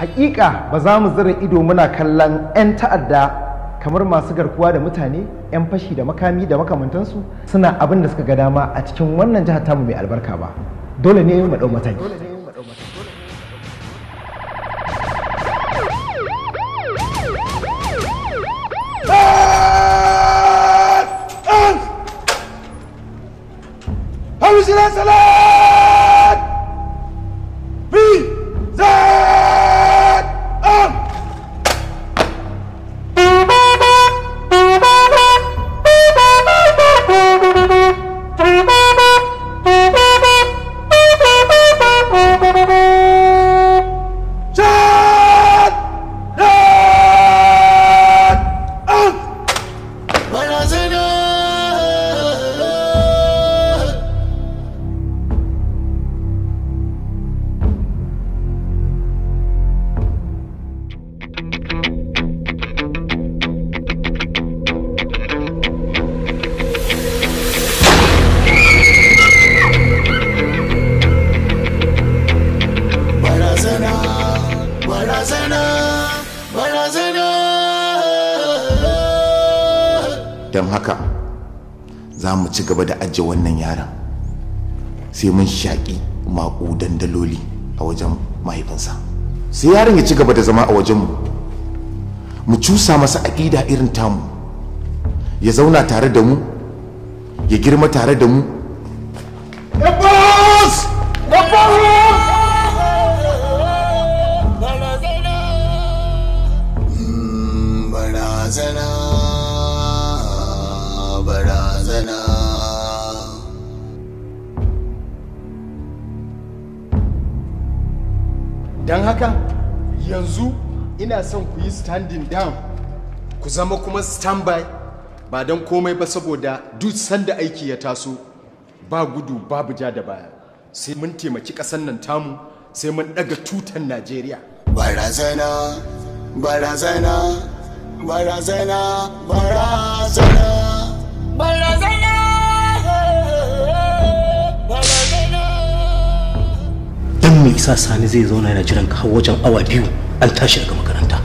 haƙiƙa ba za mu zira ido muna kallon 'yan ta'adda kamar masu garkuwa da mutane 'yan fashi da makami da makamantansu suna abin da suka ga dama a cikin wannan jihar tamu mai albarka ba dole ne mu ɗau mataki don haka za mu ci gaba da ajiye wannan yaron sai mun shaƙi maƙudan daloli a wajen mahaifinsa sai yaron ya ci gaba da zama a wajenmu mu cusa masa aƙida irin tamu ya zauna tare da mu ya girma tare da mu dan don haka yanzu ina son ku yi standing down ku zama kuma standby ba don komai ba saboda duk sanda aiki ya taso ba gudu babu ja da baya sai mun taimaki ƙasar nan tamu sai mun ɗaga tutan najeriya barazana barazana barazana barazana barazana dan sani zai zauna yana jiran ka wajen awa biyu an tashi daga makaranta